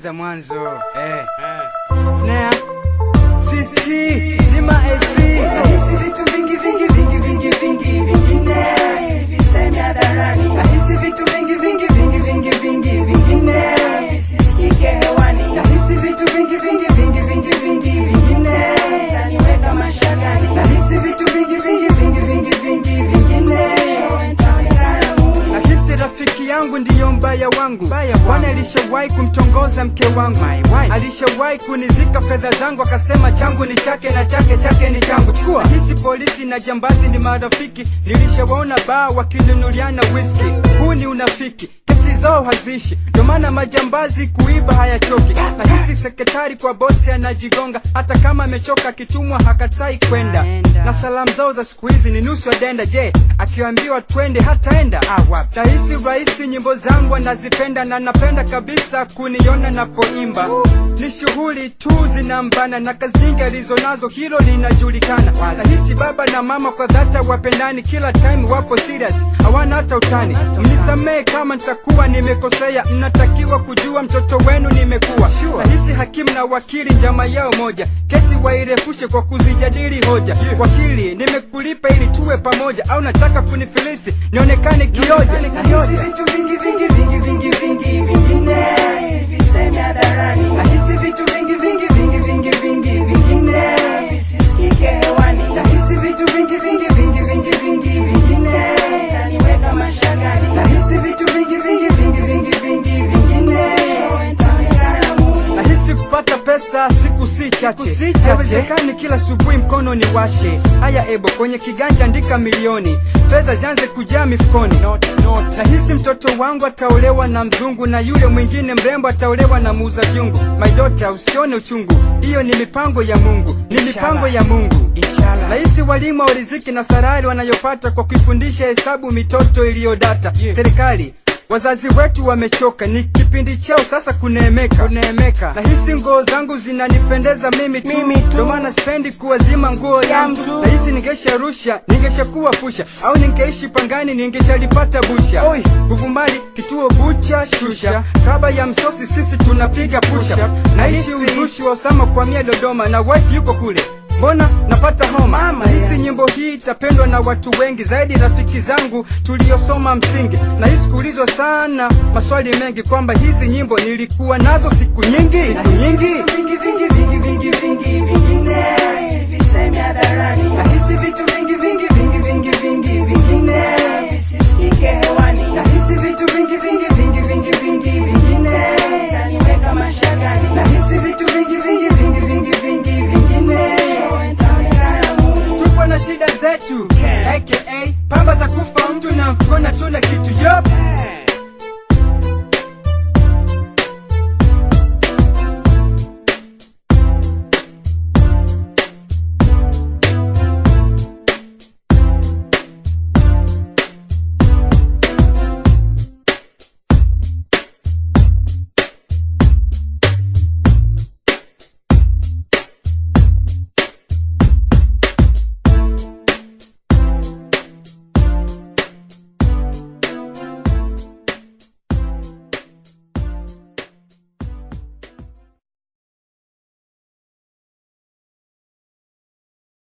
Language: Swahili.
kwanza mwanzo eh. eh. Snare sisi wangu, kwani alishawahi kumtongoza mke wangu, alishawahi kunizika fedha zangu, akasema changu ni chake na chake chake ni changu. Chukua hisi polisi na jambazi ni marafiki, nilishawaona baa wakilinuliana whisky. Huu ni unafiki zao hazishi, ndio maana majambazi kuiba hayachoki. hisi sekretari kwa bosi anajigonga, hata kama amechoka akitumwa hakatai kwenda, na salamu zao za siku hizi ni nusu adenda. Je, akiambiwa twende hataenda? Ah, wapi rahisi. Nyimbo zangu anazipenda na napenda kabisa kuniona napoimba, ni shughuli tu zinambana na kazi nyingi alizonazo, hilo linajulikana. hisi baba na mama kwa dhata wapendani, kila time wapo serious, hawana hata utani. Mnisamehe kama nitakuwa nimekosea, mnatakiwa kujua mtoto wenu nimekuwa sure. Nahisi hakimu na wakili njama yao moja, kesi wairefushe kwa kuzijadili hoja yeah. Wakili nimekulipa ili tuwe pamoja, au nataka kunifilisi nionekane kioja? vitu vingi vingi vingi vingi vingi vingine viseme hadharani kupata pesa siku si chache, kila subuhi mkono ni washe. Haya ebo, kwenye kiganja andika milioni, fedha zianze kujaa mifukoni. hisi mtoto wangu ataolewa na mzungu, na yule mwingine mrembo ataolewa na muuza vyungu. My daughter, usione uchungu, hiyo ni mipango ya Mungu, ni mipango ya Mungu. Nahisi walimu wa riziki na sarari wanayopata kwa kuifundisha hesabu mitoto iliyodata. Serikali Wazazi wetu wamechoka, ni kipindi chao sasa kunemeka. na hizi nguo zangu zinanipendeza mimi tu, ndo maana sipendi kuwazima nguo ya mtu. rusha ningesha ningeshakuwa pusha, au ningeishi pangani, ningeshalipata busha. Oi, Buvumali kituo bucha shusha, kaba ya msosi sisi tunapiga pusha. na Naishi uzushi wa Osama kwa mia Dodoma, na wife yuko kule mbona napata homa nahisi Nyimbo hii itapendwa na watu wengi zaidi, rafiki zangu tuliosoma msingi, na hisi kuulizwa sana maswali mengi kwamba hizi nyimbo nilikuwa nazo siku nyingi siku nyingi vingi vingi vingi vingi vingi vingi vingi hadharani, nahisi vingi vingi shida zetu aka pamba za kufa mtu na mfukona tula kitu yop